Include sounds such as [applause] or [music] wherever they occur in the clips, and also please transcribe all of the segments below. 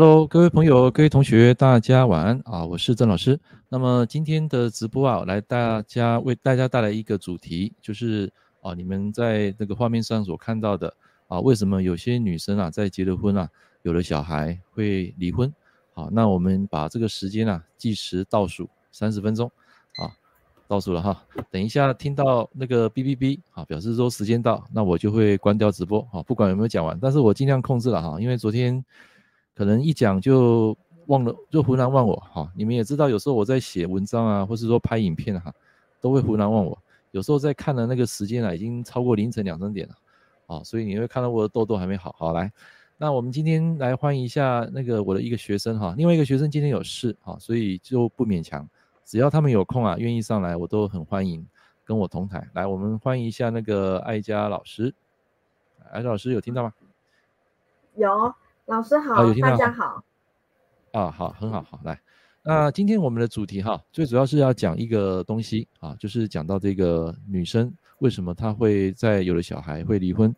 Hello，各位朋友，各位同學，大家晚安啊！我是曾老師。那麼今天的直播啊，來大家為大家帶來一個主題，就是啊，你們在那個畫面上所看到的啊，為什麼有些女生啊，在結了婚啊，有了小孩會離婚？好，啊，那我們把這個時間啊計時倒數三十分鐘啊，倒數了哈。等一下聽到那個嗶嗶嗶啊，表示說時間到，那我就會關掉直播啊，不管有沒有講完，但是我儘量控制了哈，因為昨天，可能一講就忘了，就渾然忘我哈、啊。你們也知道，有時候我在寫文章啊，或是說拍影片哈、啊，都會渾然忘我。有時候在看的那個時間啊，已經超過凌晨兩三點了，哦，所以你會看到我的痘痘還沒好。好來，那我們今天來歡迎一下那個我的一個學生哈、啊，另外一個學生今天有事啊，所以就不勉強。只要他們有空啊，願意上來，我都很歡迎，跟我同台來。我們歡迎一下那個艾佳老師，艾佳老師有聽到嗎？有。老師好、啊，大家好。啊，好，很好，好，好來。那今天我們的主題哈，最主要是要講一個東西啊，就是講到這個女生為什麼她會在有了小孩會離婚。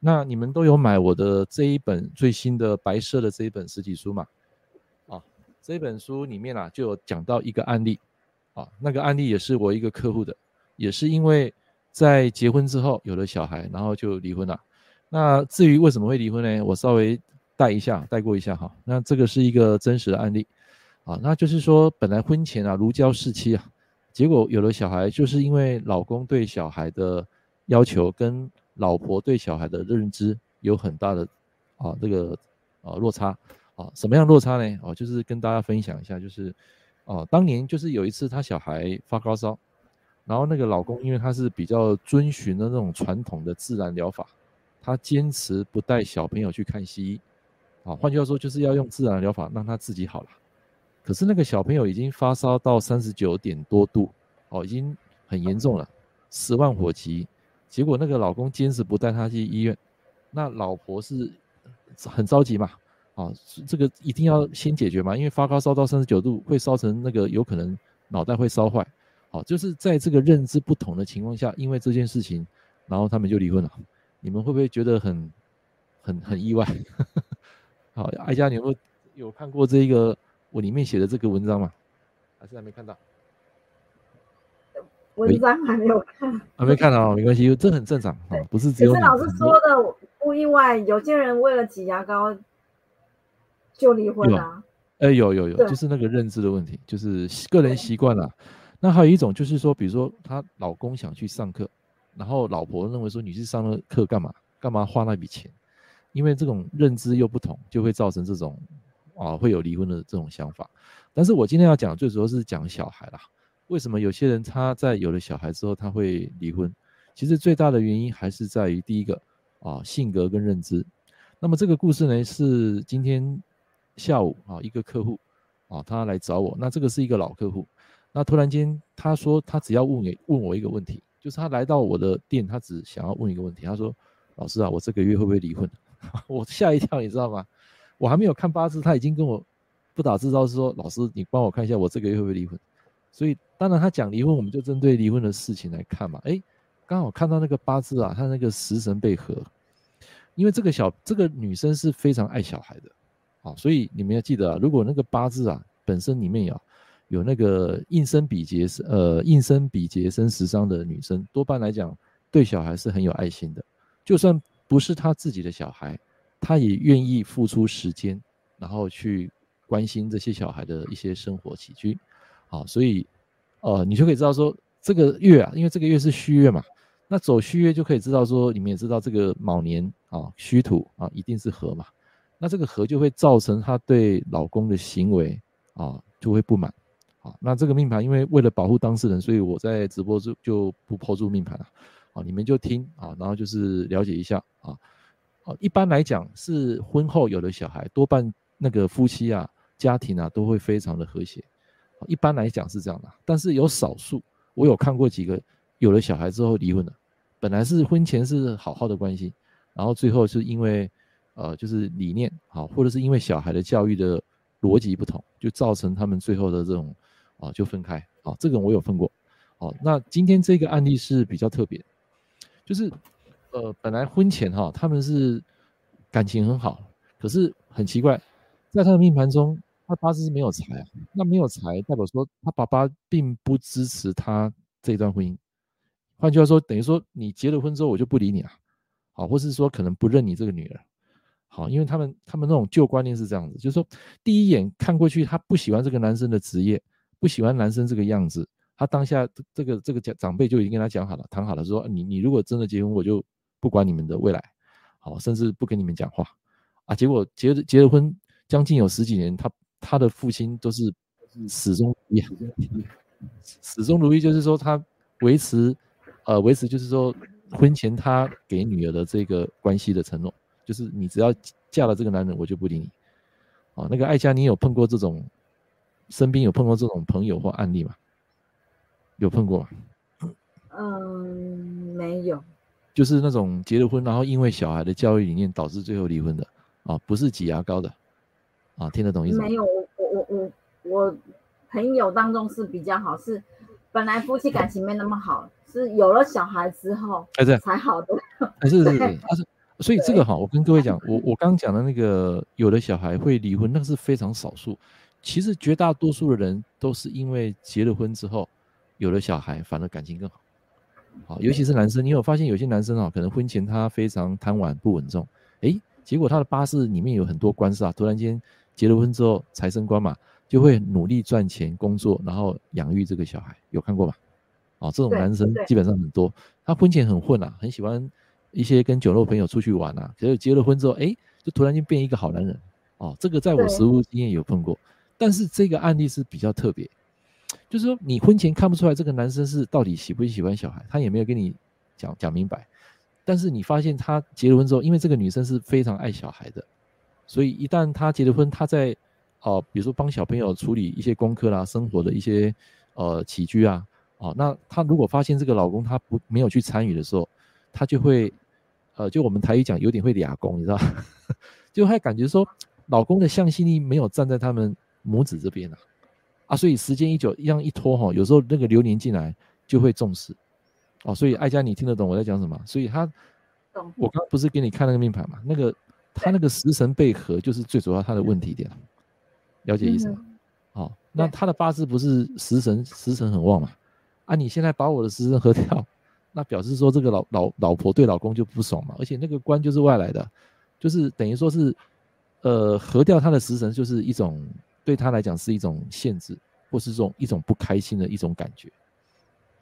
那你們都有買我的這一本最新的白色的這一本實體書嘛？啊，這一本書裡面啦、啊、就有講到一個案例啊，那個案例也是我一個客戶的，也是因為在結婚之後有了小孩，然後就離婚了。那至於為什麼會離婚呢？我稍微。帶一下，帶過一下哈。那這個是一個真實的案例啊，那就是說，本來婚前啊如膠似漆啊，結果有了小孩，就是因為老公對小孩的要求跟老婆對小孩的認知有很大的啊那個啊落差啊。什麼樣落差呢？啊，就是跟大家分享一下，就是啊當年就是有一次他小孩發高燒，然後那個老公因為他是比較遵循的那種傳統的自然療法，他堅持不帶小朋友去看西醫。好，換句話說，就是要用自然療法讓他自己好了。可是那個小朋友已經發燒到三十九點多度，哦，已經很嚴重了，十萬火急。結果那個老公堅持不帶他去醫院，那老婆是很着急嘛，啊，這個一定要先解決嘛，因為發高燒到三十九度會燒成那個有可能腦袋會燒壞。好，就是在這個認知不同的情況下，因為這件事情，然後他們就離婚了。你們會不會覺得很很很意外？好，哀家，你有沒有有看過這個我裡面寫的這個文章嗎？還是還沒看到？文章還沒有看、哎，還沒看到、哦， [laughs] 沒關係，這很正常啊，不是只有。老師說的不意外，有些人為了擠牙膏就離婚了、啊。哎、欸，有有有，就是那個認知的問題，就是個人習慣了。那還有一種就是說，比如說她老公想去上課，然後老婆認為說，你是上了課幹嘛？幹嘛花那筆錢？因為這種認知又不同，就會造成這種，啊，會有離婚的這種想法。但是我今天要講，最主要是講小孩啦。為什麼有些人他在有了小孩之後他會離婚？其實最大的原因還是在於第一個，啊，性格跟認知。那麼這個故事呢，是今天下午啊，一個客戶啊，他來找我。那這個是一個老客戶，那突然間他說他只要問你問我一個問題，就是他來到我的店，他只想要問一個問題。他說，老師啊，我這個月會不會離婚？ [laughs] 我嚇一跳，你知道嗎？我還沒有看八字，他已經跟我不打自招說，是說老師，你幫我看一下，我這個月會不會離婚？所以當然他講離婚，我們就針對離婚的事情來看嘛。誒、欸，剛好看到那個八字啊，他那個食神被合，因為這個小這個女生是非常愛小孩的啊，所以你們要記得啊，如果那個八字啊本身裡面有有那個印生比劫生呃印生比劫生食傷的女生，多半來講對小孩是很有愛心的，就算。不是他自己的小孩，他也願意付出時間，然後去關心這些小孩的一些生活起居，啊，所以，呃，你就可以知道說，這個月啊，因為這個月是戌月嘛，那走戌月就可以知道說，你們也知道這個卯年啊，戌土啊，一定是合嘛，那這個合就會造成他對老公的行為啊就會不滿，啊，那這個命盤因為為了保護當事人，所以我在直播就就不拋出命盤了。你們就聽啊，然後就是了解一下啊。一般來講是婚後有了小孩，多半那個夫妻啊、家庭啊都會非常的和諧。一般來講是這樣的，但是有少數，我有看過幾個有了小孩之後離婚的。本來是婚前是好好的關係，然後最後是因為呃，就是理念啊，或者是因為小孩的教育的邏輯不同，就造成他們最後的這種啊、呃，就分開。啊，這個我有分過。啊、呃，那今天這個案例是比較特別的。就是，呃，本來婚前哈，他們是感情很好，可是很奇怪，在他的命盤中，他八字是沒有財，那沒有財代表說他爸爸並不支持他這一段婚姻。換句話說，等於說你結了婚之後，我就不理你了，好，或是說可能不認你這個女兒，好，因為他們他們那種舊觀念是這樣子，就是說第一眼看過去，他不喜歡這個男生的職業，不喜歡男生這個樣子。他當下這個這個長長輩就已經跟他講好了，談好了說，說你你如果真的結婚，我就不管你們的未來，好、哦，甚至不跟你們講話啊。結果結了結了婚，將近有十幾年，他他的父親都是始終如一，始終如一，就是說他維持呃維持，呃、持就是說婚前他給女兒的這個關係的承諾，就是你只要嫁了這個男人，我就不理你。哦，那個艾佳，你有碰過這種，身邊有碰過這種朋友或案例嗎？有碰過嗎？嗯，沒有。就是那種結了婚，然後因為小孩的教育理念導致最後離婚的啊，不是擠牙膏的啊，聽得懂意思沒有？我我我我我朋友當中是比較好，是本來夫妻感情沒那麼好，嗯、是有了小孩之後才才好的。不、哎啊、 [laughs] 是不是，是，是所以這個哈、啊，我跟各位講，我我剛剛講的那個 [laughs] 有了小孩會離婚，那個是非常少數。其實絕大多數的人都是因為結了婚之後。有了小孩反而感情更好，好，尤其是男生，你有發現有些男生啊，可能婚前他非常貪玩不穩重，誒。結果他的八字裡面有很多官司啊，突然間結了婚之後財生官嘛，就會努力賺錢工作，然後養育這個小孩，有看過嗎？哦，這種男生基本上很多，他婚前很混啊，很喜歡一些跟酒肉朋友出去玩啊，結果結了婚之後，誒，就突然間變一個好男人，哦，這個在我實務經驗有碰過，但是這個案例是比較特別。就是說，你婚前看不出來這個男生是到底喜不喜歡小孩，他也沒有跟你講講明白。但是你發現他結了婚之後，因為這個女生是非常愛小孩的，所以一旦他結了婚，他在哦、呃，比如說幫小朋友處理一些功課啦、生活的一些呃起居啊，哦、呃，那他如果發現這個老公他不沒有去參與的時候，他就會呃，就我們台語講有點會兩光，你知道， [laughs] 就他感覺說老公的向心力沒有站在他們母子這邊啊。啊，所以時間一久，一樣一拖哈、哦，有時候那個流年進來就會重視，哦，所以艾佳你聽得懂我在講什麼？所以他，我剛不是給你看那個命盤嘛，那個他那個食神被合，就是最主要他的問題點，了解意思嗎？嗯、哦，那他的八字不是食神，食神很旺嘛，啊，你現在把我的食神合掉，那表示說這個老老老婆對老公就不爽嘛，而且那個官就是外來的，就是等於說是，呃，合掉他的食神就是一種。對他來講是一種限制，或是這種一種不開心的一種感覺，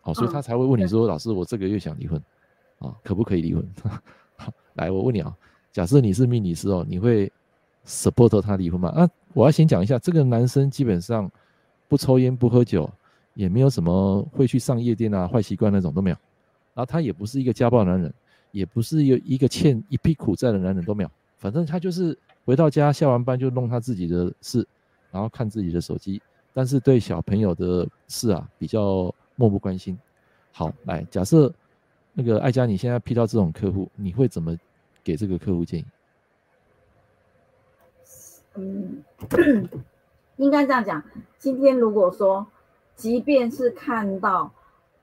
好、哦，所以他才會問你說、嗯：“老師，我這個月想離婚，啊、哦，可不可以離婚？” [laughs] 來，我問你啊、哦，假設你是命理師哦，你會 support 他離婚嗎？啊，我要先講一下，這個男生基本上不抽煙、不喝酒，也沒有什麼會去上夜店啊、壞習慣那種都沒有，然、啊、後他也不是一個家暴男人，也不是一一個欠一屁股債的男人，都沒有，反正他就是回到家下完班就弄他自己的事。然後看自己的手機，但是對小朋友的事啊比較漠不關心。好，來，假設那個艾佳，你現在遇到這種客戶，你會怎麼給這個客戶建議？嗯，應該這樣講。今天如果說，即便是看到，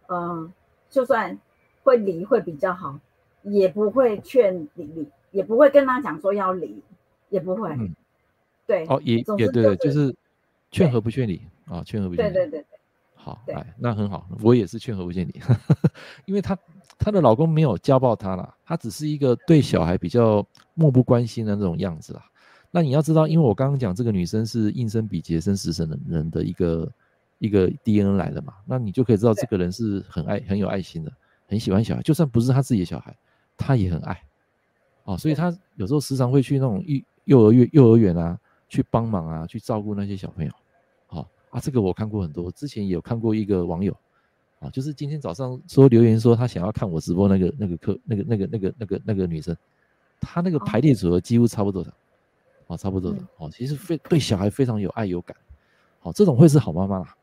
嗯、呃，就算會離會比較好，也不會勸你離，也不會跟他講說要離，也不會。嗯對哦，也、就是、也對，對就是勸和不勸離啊，勸和不勸離對對對，對。好哎，那很好，我也是勸和不勸離， [laughs] 因為她她的老公沒有家暴她啦，她只是一個對小孩比較漠不關心的那種樣子啦。那你要知道，因為我剛剛講這個女生是應生比劫生食神的人的一個一個 DNA 來的嘛，那你就可以知道這個人是很愛很有愛心的，很喜歡小孩，就算不是他自己的小孩，他也很愛哦，所以他有時候時常會去那種幼幼兒園幼兒園啊。去幫忙啊，去照顧那些小朋友，好、哦、啊，這個我看過很多，之前也有看過一個網友，啊、哦，就是今天早上說留言，說他想要看我直播那個那個客那個那個那個那個那個女生，她那個排列組合幾乎差不多的，哦、差不多的，哦，其實非對小孩非常有愛有感，好、哦，這種會是好媽媽啦，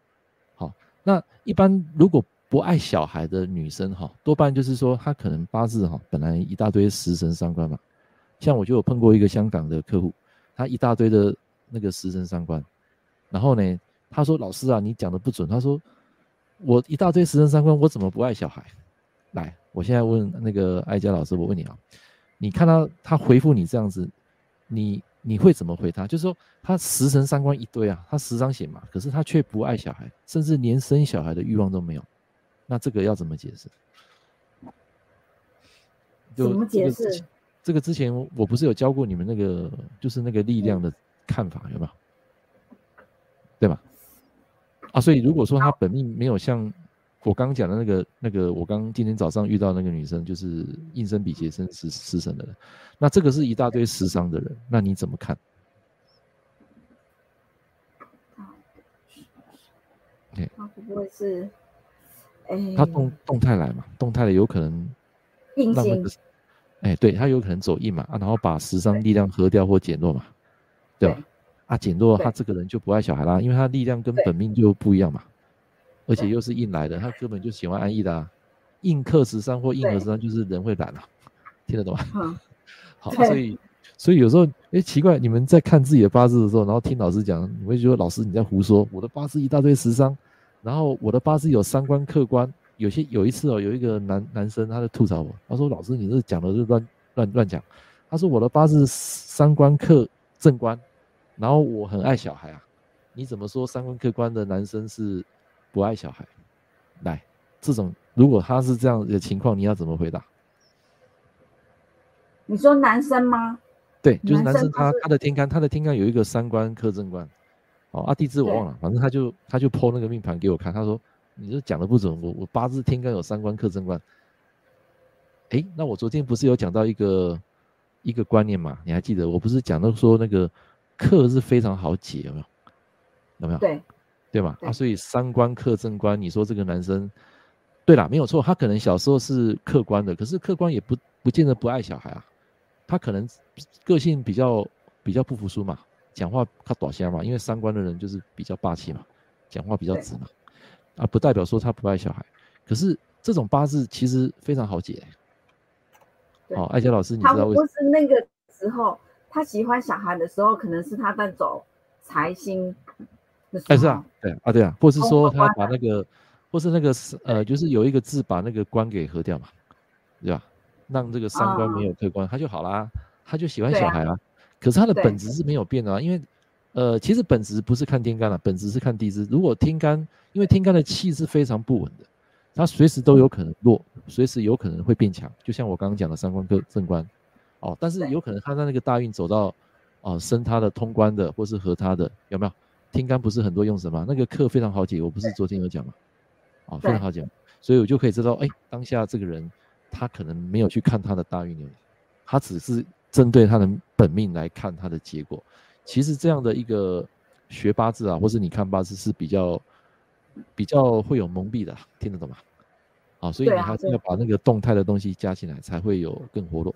好、哦，那一般如果不愛小孩的女生哈，多半就是說她可能八字哈本來一大堆食神傷官嘛，像我就有碰過一個香港的客戶。他一大堆的那個食神傷官，然後呢，他說：“老師啊，你講得不準。”他說：“我一大堆食神傷官，我怎麼不愛小孩？”來，我現在問那個艾佳老師，我問你啊，你看到他，他回復你這樣子，你你會怎麼回他？就是說他食神傷官一堆啊，他食傷洩嘛，可是他卻不愛小孩，甚至連生小孩的慾望都沒有，那這個要怎麼解釋？怎麼解釋？這個這個之前我不是有教過你們那個，就是那個力量的看法有沒有？對吧？啊，所以如果說他本命沒有像我剛剛講的那個那個，我剛今天早上遇到那個女生，就是印生比劫生食食神的人、嗯，那這個是一大堆食傷的人，那你怎麼看？他、啊啊、不會是？哎、他動動態來嘛？動態的有可能的。哎，對，他有可能走印嘛啊，然後把食傷力量合掉或減弱嘛，對，對吧？啊，減弱他這個人就不愛小孩啦，因為他力量跟本命就不一樣嘛，而且又是印來的，他根本就喜歡安逸的啊。印剋食傷或印合食傷就是人會懶了、啊，聽得懂嗎？好，所以所以有時候哎奇怪，你們在看自己的八字的時候，然後聽老師講，你會覺得老師，你在胡說，我的八字一大堆食傷，然後我的八字有三觀客觀。有些有一次哦，有一個男男生他在吐槽我，他說：“老師，你這講的，是亂亂亂講。”他說：“我的八字三官克正官，然後我很愛小孩啊，你怎麼說三官克官的男生是不愛小孩？來，這種如果他是這樣的情況，你要怎麼回答？”你說男生嗎？對，就是男生他，他他的天干，他的天干有一個三官克正官。哦，啊，地支我忘了，反正他就他就剖那個命盤給我看，他說。你這講的不準，我我八字天干有傷官剋正官。誒、欸，那我昨天不是有講到一個一個觀念嘛？你還記得？我不是講到說那個剋是非常好解，有沒有？有沒有？對，對吧啊，所以傷官剋正官，你說這個男生，對啦，沒有錯，他可能小時候是剋官的，可是剋官也不不見得不愛小孩啊。他可能個性比較比較不服輸嘛，講話他短腔嘛，因為傷官的人就是比較霸氣嘛，講話比較直嘛。啊，不代表說他不愛小孩，可是這種八字其實非常好解。哦，艾佳老師，你知道為什麼？他不是那個時候他喜歡小孩的時候，可能是他在走財星的時候。哎，是啊，對啊，啊對啊，或是說他把那個，哦、媽媽或是那個是呃，就是有一個字把那個官給合掉嘛，對吧？讓這個傷官沒有剋官，哦，他就好啦，他就喜歡小孩啦，啊啊。可是他的本質是沒有變的，啊，因為。呃，其實本質不是看天干了、啊，本質是看地支。如果天干，因為天干的氣是非常不穩的，它隨時都有可能弱，隨時有可能會變強。就像我剛剛講的三官剋正官，哦，但是有可能他在那個大運走到哦，生、呃、他的通關的，或是和他的，有沒有？天干不是很多用神嗎？那個剋非常好解，我不是昨天有講嗎？哦，非常好解。所以我就可以知道，哎，當下這個人他可能沒有去看他的大運流年，他只是針對他的本命來看他的結果。其實這樣的一個學八字啊，或是你看八字是比較比較會有蒙蔽的、啊，聽得懂嗎、啊？啊，所以你還是要把那個動態的東西加起來，才會有更活絡。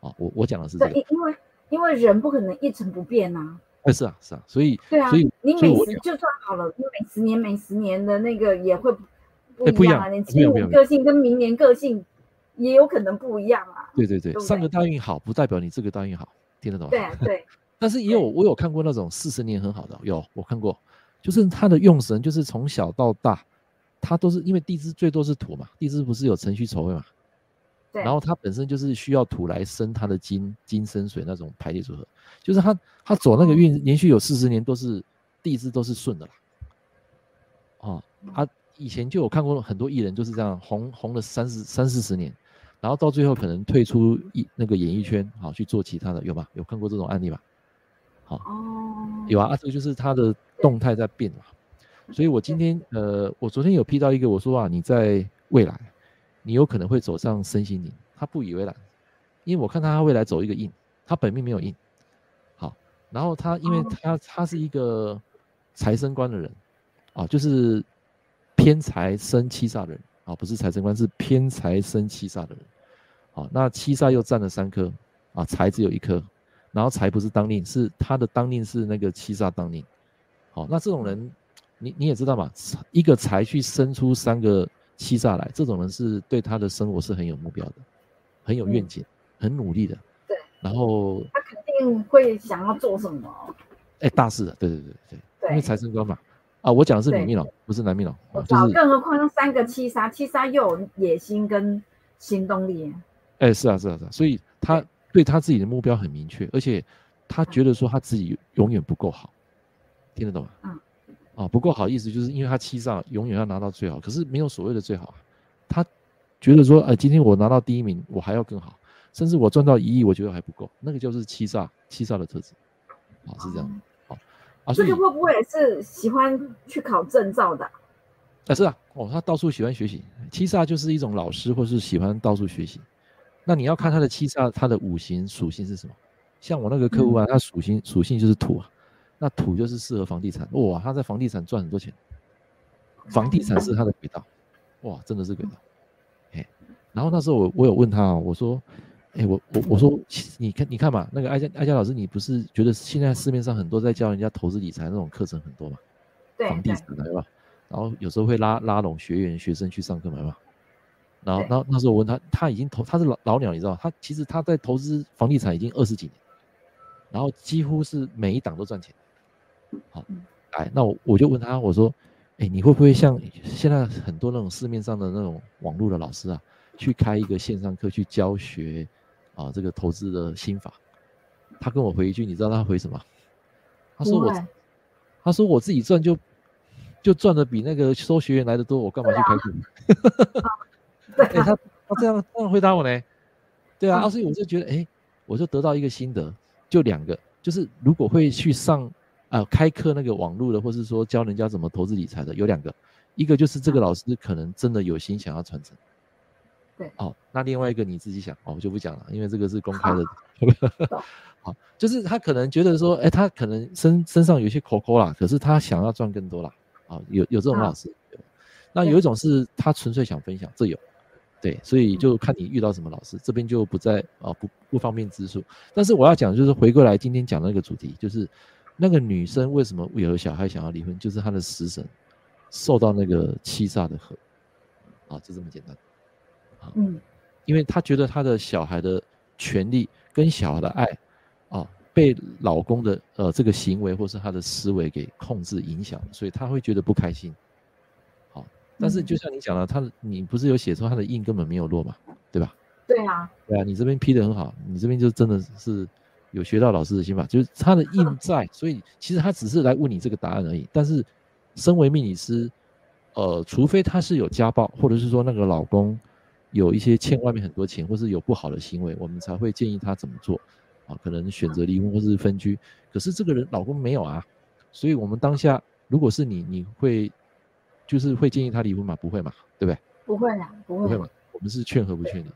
啊，我我講的是這樣、個，因為因為人不可能一成不變啊。哎、是啊，是啊，所以對啊，所以，所以你每十就算好了，你每十年、每十年的那個也會不一樣啊。沒有沒有，今年個性跟明年個性也有可能不一樣啊。沒有沒有對對對，對對上個大運好不代表你這個大運好，聽得懂嗎、啊？對、啊、對。但是也有，我有看過那種四十年很好的，有我看過，就是他的用神就是從小到大，他都是因為地支最多是土嘛，地支不是有辰戌丑未嘛，對，然後他本身就是需要土來生他的金，金生水那種排列組合，就是他他走那個運，連續有四十年都是地支都是順的啦。哦、啊，他以前就有看過很多藝人就是這樣紅紅了三十三四十年，然後到最後可能退出一那個演藝圈，啊去做其他的，有嗎？有看過這種案例嗎？好哦，有啊，啊這個、就是他的動態在變嘛，所以我今天呃，我昨天有批到一個，我說啊，你在未來，你有可能會走上身心靈，他不以為然，因為我看他未來走一個印，他本命沒有印，好，然後他因為他、嗯、他，他是一個財生官的人，啊，就是偏財生七煞的人啊，不是財生官，是偏財生七煞的人，好、啊，那七煞又佔了三顆，啊，財只有一顆。然後財不是當令，是他的當令是那個七殺當令。好，那這種人，你你也知道嘛，一個財去生出三個七殺來，這種人是對他的生活是很有目標的，很有願景、嗯，很努力的。對，然後他肯定會想要做什麼？哎、欸，大事的，對對對對。因為財生官嘛。啊，我講的是女命佬，不是男命佬。啊，就是，更何況用三個七殺七殺又有野心跟行動力、啊。哎、欸，是啊是啊是啊，所以他。對他自己的目標很明確，而且他覺得說他自己永遠不夠好，啊、聽得懂嗎？嗯、啊不夠好，意思就是因為他七殺永遠要拿到最好，可是沒有所謂的最好，他覺得說，哎、呃，今天我拿到第一名，我還要更好，甚至我賺到一億，我覺得還不夠，那個就是七殺，七殺的特質，啊，是這樣，好、嗯，啊，這個會不會也是喜歡去考證照的？啊，是啊，哦，他到處喜歡學習，七殺就是一種老師，或是喜歡到處學習。那你要看他的七殺，他的五行屬性是什麼？像我那個客戶啊，嗯、他屬性屬性就是土啊，那土就是適合房地產，哇，他在房地產賺很多錢，房地產是他的軌道，哇，真的是軌道。哎、欸，然後那時候我我有問他啊，我說，哎、欸，我我我說，你看你看嘛，那個艾佳艾佳老師，你不是覺得現在市面上很多在教人家投資理財那種課程很多嘛？對，房地產的對吧？然後有時候會拉拉攏學員學生去上課嘛，對吧？有然後，然後那時候我問他，他已經投，他是老老鳥，你知道，他其實他在投資房地產已經二十幾年，然後幾乎是每一檔都賺錢。好，哎，那我我就問他，我說，哎，你會不會像現在很多那種市面上的那種網絡的老師啊，去開一個線上課去教學啊，這個投資的心法？他跟我回一句，你知道他回什麼？他說我，他說我自己賺就就賺得比那個收學員來得多，我幹嘛去開課？ [laughs] 哎、 [laughs] 欸，他他這樣這樣回答我呢，對啊，所以我就覺得，哎、欸，我就得到一個心得，就兩個，就是如果會去上啊、呃、開課那個網絡的，或是說教人家怎麼投資理財的，有兩個，一個就是這個老師可能真的有心想要傳承，對，哦，那另外一個你自己想，哦，我就不講了，因為這個是公開的，好、啊 [laughs] 哦，就是他可能覺得說，哎、欸，他可能身身上有一些口口啦，可是他想要賺更多啦，啊、哦，有有這種老師、啊，那有一種是他純粹想分享，這有。對，所以就看你遇到什麼老師，這邊就不再啊不不方便直述，但是我要講的就是回過來今天講的那個主題，就是那個女生為什麼會有小孩想要離婚，就是她的食神受到那個七煞的合，啊，就這麼簡單。啊，因為她覺得她的小孩的權利跟小孩的愛，啊，被老公的呃這個行為或是他的思維給控制影響，所以她會覺得不開心。但是就像你講的，他的你不是有寫說他的印根本沒有落嗎，對吧？對啊，對啊，你這邊批得很好，你這邊就真的是有學到老師的心法，就是他的印在，嗯、所以其實他只是來問你這個答案而已。但是，身為命理師，呃，除非他是有家暴，或者是說那個老公有一些欠外面很多錢，或是有不好的行為，我們才會建議他怎麼做啊，可能選擇離婚或是分居。嗯、可是這個人老公沒有啊，所以我們當下如果是你，你會。就是會建議他離婚嘛？不會嘛？對不對？不會啦，不會。不會嘛？我們是勸和不勸離，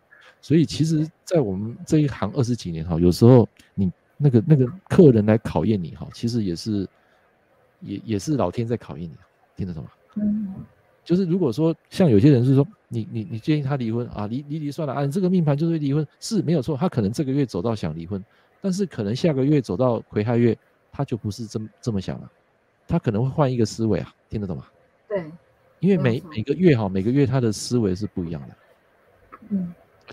所以其實，在我們這一行二十幾年哈，有時候你那個那個客人來考驗你哈，其實也是，也也是老天在考驗你，聽得懂嗎？嗯，就是如果說像有些人是說你你你建議他離婚啊，離離離算了啊，你這個命盤就會離婚是沒有錯，他可能這個月走到想離婚，但是可能下個月走到癸亥月，他就不是這麼這麼想了，他可能會換一個思維啊，聽得懂嗎？對。因為每每個月哈，每個月他的思維是不一樣的，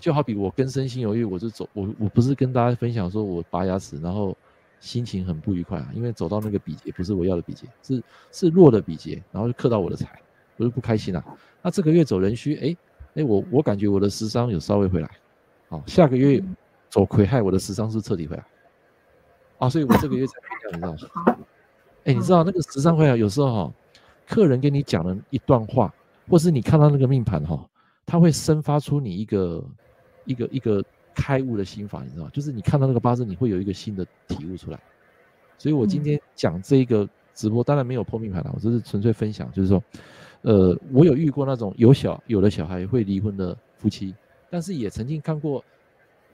就好比我跟身心猶豫，我是走我我不是跟大家分享說我拔牙齒，然後心情很不愉快啊，因為走到那個比劫不是我要的比劫，是是弱的比劫，然後就克到我的財，我就不開心啊。那這個月走壬戌，哎、欸、哎、欸、我我感覺我的食傷有稍微回來、啊，下個月走癸亥，我的食傷是徹底回來，啊，所以我這個月才不一樣，你知道嗎？欸、你知道那個食傷會有時候哈。客人跟你講了一段話，或是你看到那個命盤哈、哦，它會生發出你一個、一個、一個開悟的心法，你知道嗎？就是你看到那個八字，你會有一個新的體悟出來。所以我今天講這一個直播，當然沒有破命盤了、啊，我這是純粹分享，就是說，呃，我有遇過那種有小有了小孩會離婚的夫妻，但是也曾經看過，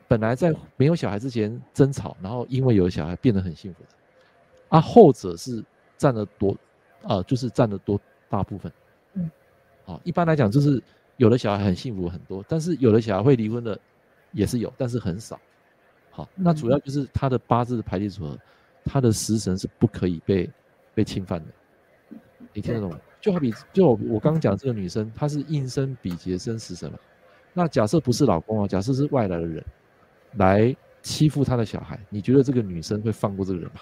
本來在沒有小孩之前爭吵，然後因為有的小孩變得很幸福的、啊。後者是占了多。啊、呃，就是占得多，大部分，嗯，好，一般來講就是有的小孩很幸福很多，但是有的小孩會離婚的也是有，但是很少，好、嗯，那主要就是他的八字的排列組合，他的食神是不可以被被侵犯的，你聽得懂嗎？就好比就我剛剛講這個女生，她是印生比劫生食神了，那假設不是老公啊，假設是外來的人來欺負他的小孩，你覺得這個女生會放過這個人嗎？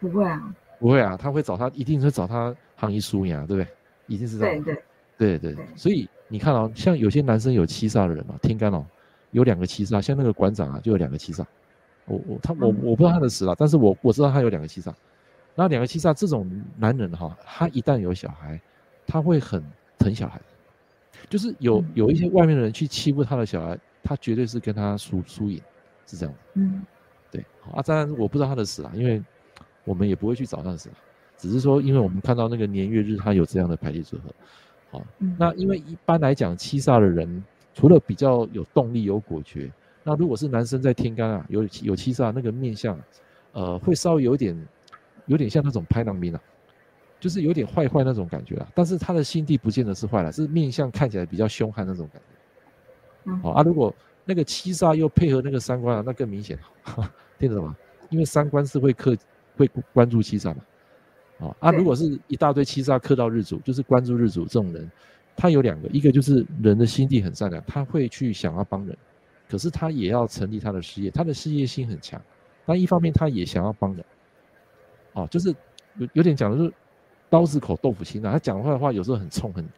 不會啊。不會啊，他會找他，一定會找他行醫輸贏啊，對不對？一定是這樣。對對對，對，對所以你看啊、哦，像有些男生有七煞的人、啊、天干哦，有兩個七煞，像那個館長啊就有兩個七煞，我我他我我不知道他的死啊，但是我我知道他有兩個七煞，那兩個七煞這種男人哈、啊，他一旦有小孩，他會很疼小孩，就是有有一些外面的人去欺負他的小孩，他絕對是跟他輸輸贏，是這樣的。嗯，對。阿、啊、詹，我不知道他的死啊，因為。我們也不會去找那什麼，只是說，因為我們看到那個年月日它有這樣的排列組合，好，那因為一般來講七煞的人，除了比較有動力，有果決，那如果是男生在天干啊，有有七煞那個面相，呃，會稍微有點，有點像那種拍檔命啊，就是有點壞壞那種感覺了啊。但是他的心地不見得是壞了，是面相看起來比較兇悍那種感覺。好啊，如果那個七煞又配合那個三觀啊，那更明顯了，聽得懂嗎？因為三觀是會克，會關注七殺嘛？啊啊！如果是一大堆七殺克到日主，就是關注日主這種人，他有兩個，一個就是人的心地很善良，他會去想要幫人，可是他也要成立他的事業，他的事業心很強。但一方面他也想要幫人，哦，就是有有點講的是刀子口豆腐心啊。他講話的話有時候很衝，很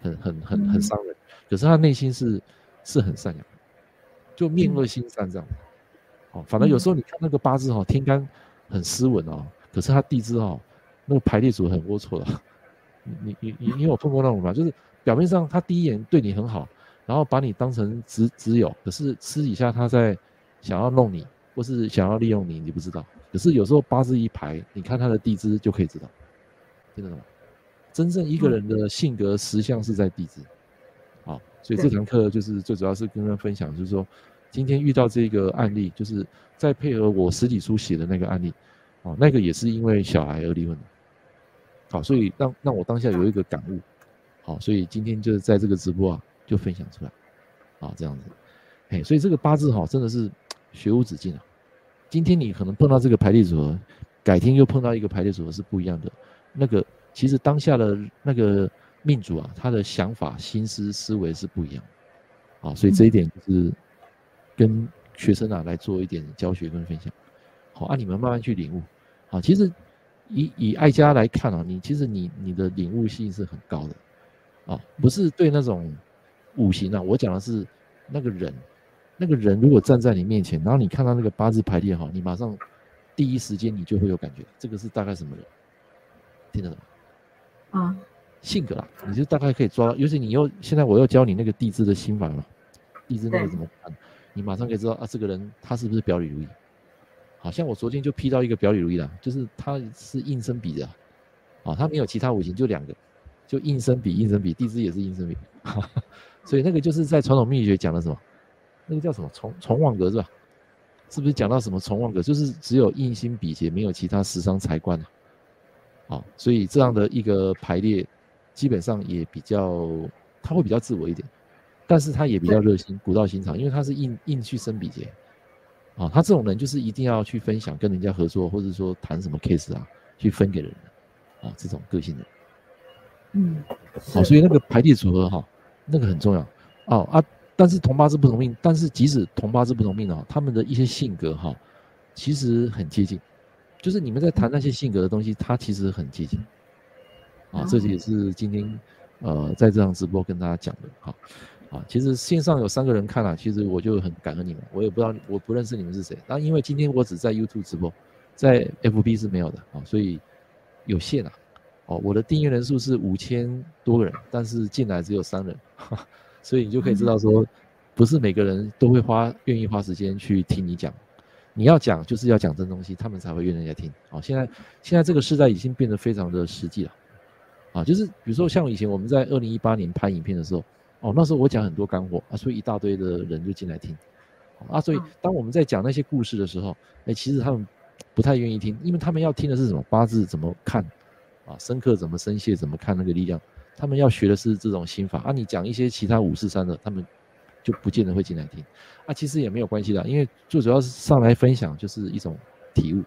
很很很很傷人，可是他內心是是很善良，就面惡心善這樣。哦，反正有時候你看那個八字哈、哦，天干。很斯文哦，可是他地支哦，那個排列組很齷齪的。你你你，因為我碰過那種嘛，就是表面上他第一眼對你很好，然後把你當成摯摯友，可是私底下他在想要弄你，或是想要利用你，你不知道。可是有時候八字一排，你看他的地支就可以知道，聽得懂嗎？真正一個人的性格實相是在地支，啊、嗯哦，所以這堂課就是最主要是跟人分享，就是說。今天遇到這個案例，就是再配合我實體書寫的那個案例，哦、啊，那個也是因為小孩而離婚的，好、啊，所以讓讓我當下有一個感悟，好、啊，所以今天就是在這個直播啊，就分享出來，啊，這樣子，哎，所以這個八字哈、啊，真的是學無止境啊。今天你可能碰到這個排列組合，改天又碰到一個排列組合是不一樣的，那個其實當下的那個命主啊，他的想法、心思、思維是不一樣的，啊，所以這一點、就是。嗯跟學生啊來做一點教學跟分享，好、啊，讓你們慢慢去領悟。啊，其實以以愛家來看啊，你其實你你的領悟性是很高的，啊，不是對那種五行啊，我講的是那個人，那個人如果站在你面前，然後你看到那個八字排列，好，你馬上第一時間你就會有感覺，這個是大概什麼人，聽得懂嗎？啊，性格啊，你就大概可以抓，尤其你又現在我又教你那個地支的心法嘛，地支那個怎麼看你馬上可以知道啊，這個人他是不是表裡如一？好像我昨天就批到一個表裡如一啦，就是他是印身比的啊，啊，他沒有其他五行，就兩個，就印身比、印身比，地支也是印身比， [laughs] 所以那個就是在傳統命理學講的什麼，那個叫什麼從從旺格是吧？是不是講到什麼從旺格？就是只有印星比劫，沒有其他食傷財官啊？啊，所以這樣的一個排列，基本上也比較，他會比較自我一點。但是他也比較熱心，古道熱腸，因為他是硬硬，去生比劫啊，他這種人就是一定要去分享，跟人家合作，或者說談什麼 case 啊，去分給人，啊、哦，這種個性的，嗯，好、哦，所以那個排列組合哈、哦，那個很重要，哦啊，但是同八字不同命，但是即使同八字不同命、哦、他們的一些性格哈、哦，其實很接近，就是你們在談那些性格的東西，他其實很接近，啊、哦，這也是今天呃在這場直播跟大家講的，哦啊，其實線上有三個人看了、啊，其實我就很感恩你們。我也不知道，我不認識你們是誰。那因為今天我只在 YouTube 直播，在 FB 是沒有的啊，所以有限啊。哦、啊，我的訂閱人數是五千多個人，但是進來只有三人、啊，所以你就可以知道說，嗯、不是每個人都會花願意花時間去聽你講。你要講就是要講真東西，他們才會願意來聽。哦、啊，現在現在這個時代已經變得非常的實際了，啊，就是比如說像以前我們在二零一八年拍影片的時候。哦，那時候我講很多乾貨，啊，所以一大堆的人就進來聽，啊，所以當我們在講那些故事的時候，哎、欸，其實他們不太願意聽，因為他們要聽的是什麼八字怎麼看，啊，生剋怎麼生洩怎麼看那個力量，他們要學的是這種心法啊。你講一些其他五四三的，他們就不見得會進來聽，啊，其實也沒有關係的，因為最主要是上來分享就是一種體悟，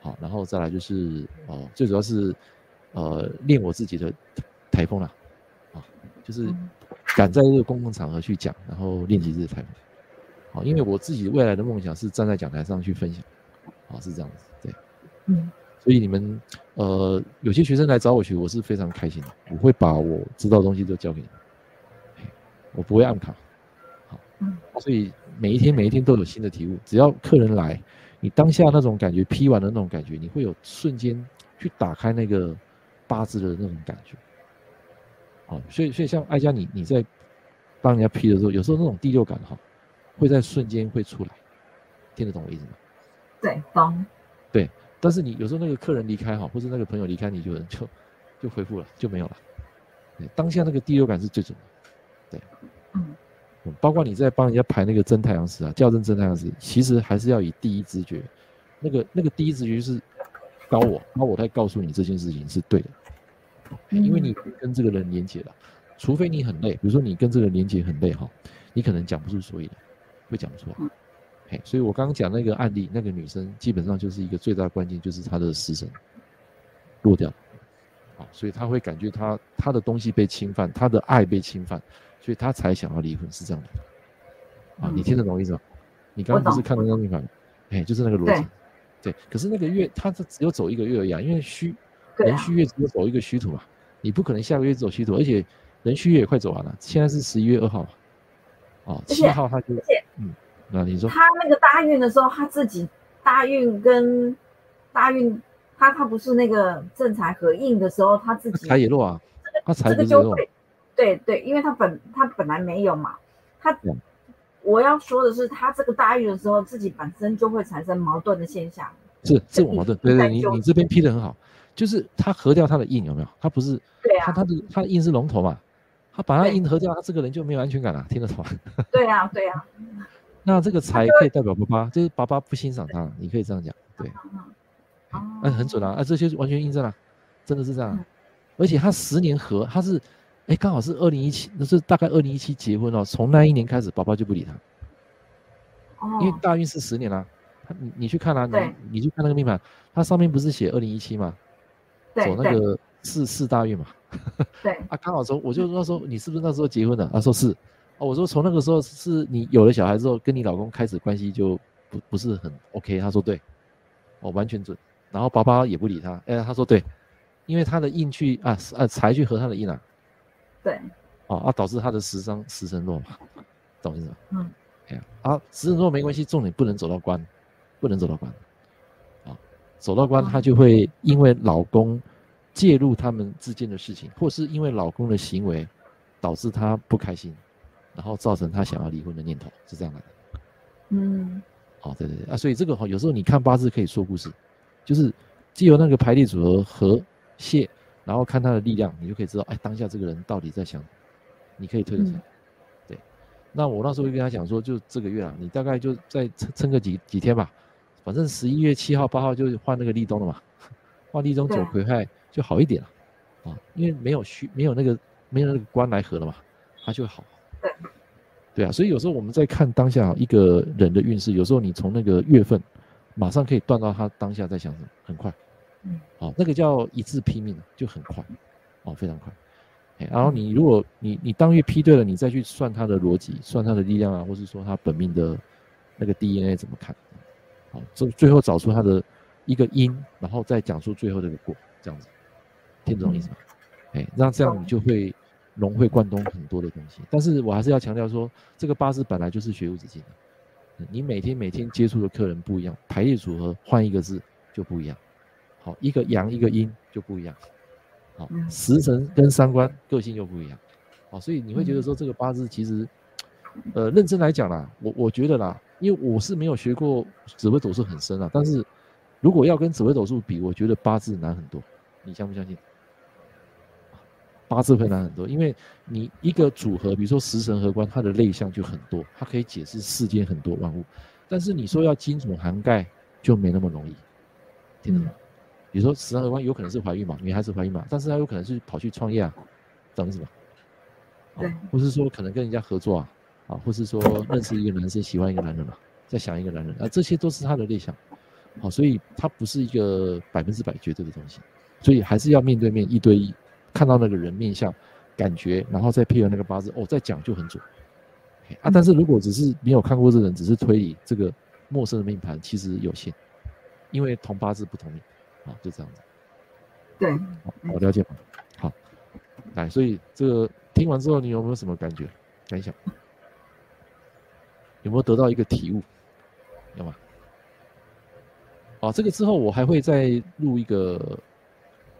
好、啊，然後再來就是哦、啊，最主要是呃練我自己的台風啦、啊。啊，就是。嗯敢在這個公共場合去講，然後練幾日台，好，因為我自己未來的夢想是站在講台上去分享，啊，是這樣子，對，嗯，所以你們，呃，有些學生來找我學，我是非常開心的，我會把我知道的東西都教給你們，我不會按卡，好，所以每一天每一天都有新的體悟，只要客人來，你當下那種感覺，批完的那種感覺，你會有瞬間去打開那個八字的那種感覺。哦，所以所以像艾佳你你在幫人家批的時候，有時候那種第六感哈會在瞬間會出來，聽得懂我意思嗎？對，幫。對，但是你有時候那個客人離開哈，或者那個朋友離開，你就就就恢復了，就沒有了。當下那個第六感是最準的。對，嗯。包括你在幫人家排那個真太陽時啊，校正真太陽時，其實還是要以第一直覺，那個那個第一直覺是高我，高我在告訴你這件事情是對的。因為你跟這個人連接了，除非你很累，比如說你跟這個連接很累哈，你可能講不出所以來，會講不出來。嗯、嘿，所以我剛剛講那個案例，那個女生基本上就是一個最大的關鍵，就是她的食神落掉了，啊，所以她會感覺她她的東西被侵犯，她的愛被侵犯，所以她才想要離婚，是這樣的。啊，嗯、你聽得懂我意思嗎？我你剛剛不是看到那女孩？就是那個邏輯，對，對。可是那個月，她只只有走一個月而已，啊，因為虛。壬戌月只有走一個戌土嘛，你不可能下個月只走戌土，而且壬戌月也快走完了。現在是十一月二號，哦，七號他就，嗯，那你說他那個大運的時候，他自己大運跟大運，他他不是那個正財合印的時候，他自己他也弱啊，他才個就對對，對，因為他本他本來沒有嘛，他我要說的是，他這個大運的時候，自己本身就會產生矛盾的現象，是自我矛盾。對對，你你這邊批的很好。就是他合掉他的印有沒有？他不是，對呀，他的他的印是龍頭嘛，他把他印合掉，他這個人就沒有安全感了，聽得懂嗎、啊？對呀、啊、對呀、啊，嗯、 [laughs] 那這個財可以代表爸爸，就是爸爸不欣賞他，你可以這樣講，對、哎，那很準啊，啊，這些完全印證了、啊，真的是這樣、啊，而且他十年合，他是，哎，剛好是二零一七，那是大概二零一七結婚哦，從那一年開始，爸爸就不理他，因為大運是十年啦、啊，你去看他、啊，你你去看那個命盤，它上面不是寫二零一七嘛？對走那個四四大運嘛， [laughs] 對啊，剛好說我就那時候，你是不是那時候結婚的？他說是，啊，我說從那個時候是你有了小孩之後，跟你老公開始關係就不不是很 OK。他說對，哦，完全準。然後爸爸也不理他，哎、欸，他說對，因為他的印去啊啊財去合他的印啊，對，哦啊導致他的食傷食神弱嘛，懂意思嗎？嗯，哎啊食神弱沒關係，重點不能走到官，不能走到官。走到關，他就會因為老公介入他們之間的事情、啊，或是因為老公的行為導致他不開心，然後造成他想要離婚的念頭，是、啊、這樣來的。嗯，好、哦，對對對啊，所以這個哈、哦，有時候你看八字可以說故事，就是既有那個排列組合和謝，然後看他的力量，你就可以知道，哎，當下這個人到底在想，你可以推得出來、嗯。對，那我那時候會跟他講說，就這個月啊，你大概就再撐撐個幾幾天吧。反正十一月七號八號就是換那個立冬了嘛，換立冬走癸亥就好一點了，啊，啊，因為沒有虛沒有那個沒有那個官來合了嘛、啊，它就會好。對啊，所以有時候我們在看當下一個人的運勢，有時候你從那個月份，馬上可以斷到他當下在想什麼，很快。嗯。那個叫一字批命就很快，哦，非常快。然後你如果你你當月批對了，你再去算他的邏輯，算他的力量啊，或是說他本命的那個 DNA 怎麼看？好，這最後找出它的一個因，然後再講出最後這個果，這樣子，聽懂我意思嗎？哎、嗯，那、欸、這樣你就會融會貫通很多的東西。但是我還是要強調說，這個八字本來就是學無止境的，你每天每天接觸的客人不一樣，排列組合換一個字就不一樣。好，一個陽一個陰就不一樣。好，時辰跟三觀個性又不一樣。好，所以你會覺得說這個八字其實，呃，認真來講啦，我我覺得啦。因為我是沒有學過紫微斗數很深啊，但是如果要跟紫微斗數比，我覺得八字難很多。你相不相信？八字會難很多，因為你一個組合，比如說食神合官，它的類象就很多，它可以解釋世間很多萬物。但是你說要精準涵蓋，就沒那麼容易，聽懂嗎？比如說食神合官，有可能是懷孕嘛，女孩子懷孕嘛，但是她有可能是跑去創業啊，等什麼？對、啊，或是說可能跟人家合作啊。啊，或是說認識一個男生，喜歡一個男人嘛，在想一個男人啊，這些都是他的內向。好，啊，所以他不是一個百分之百絕對的東西，所以還是要面對面一對一，看到那個人面相，感覺，然後再配合那個八字，哦，再講就很準。啊，但是如果只是沒有看過這人，只是推理這個陌生的命盤，其實有限，因為同八字不同命，啊，就這樣子。對，好，我了解了，好，來，所以這個聽完之後，你有沒有什麼感覺，感想？有沒有得到一個體悟，有嗎？啊，這個之後我還會再錄一個，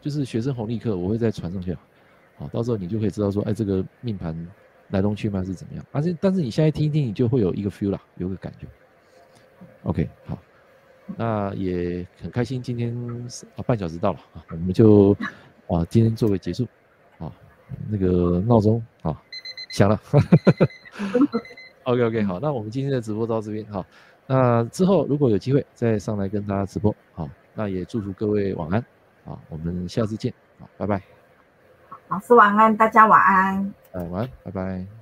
就是學生紅利課，我會再傳上去。啊，到時候你就可以知道說，哎，這個命盤來龍去脈是怎麼樣。而、啊、且，但是你現在聽一聽，你就會有一個 feel 啦，有個感覺。OK，好，那也很開心，今天啊半小時到了啊，我們就啊今天作為結束。啊，那個鬧鐘啊響了。 [laughs] OK OK，好，那我們今天的直播到這邊哈。那之後如果有機會再上來跟大家直播，好，那也祝福各位晚安，好，我們下次見，好，拜拜。好，老師晚安，大家晚安。哎，晚安，拜拜。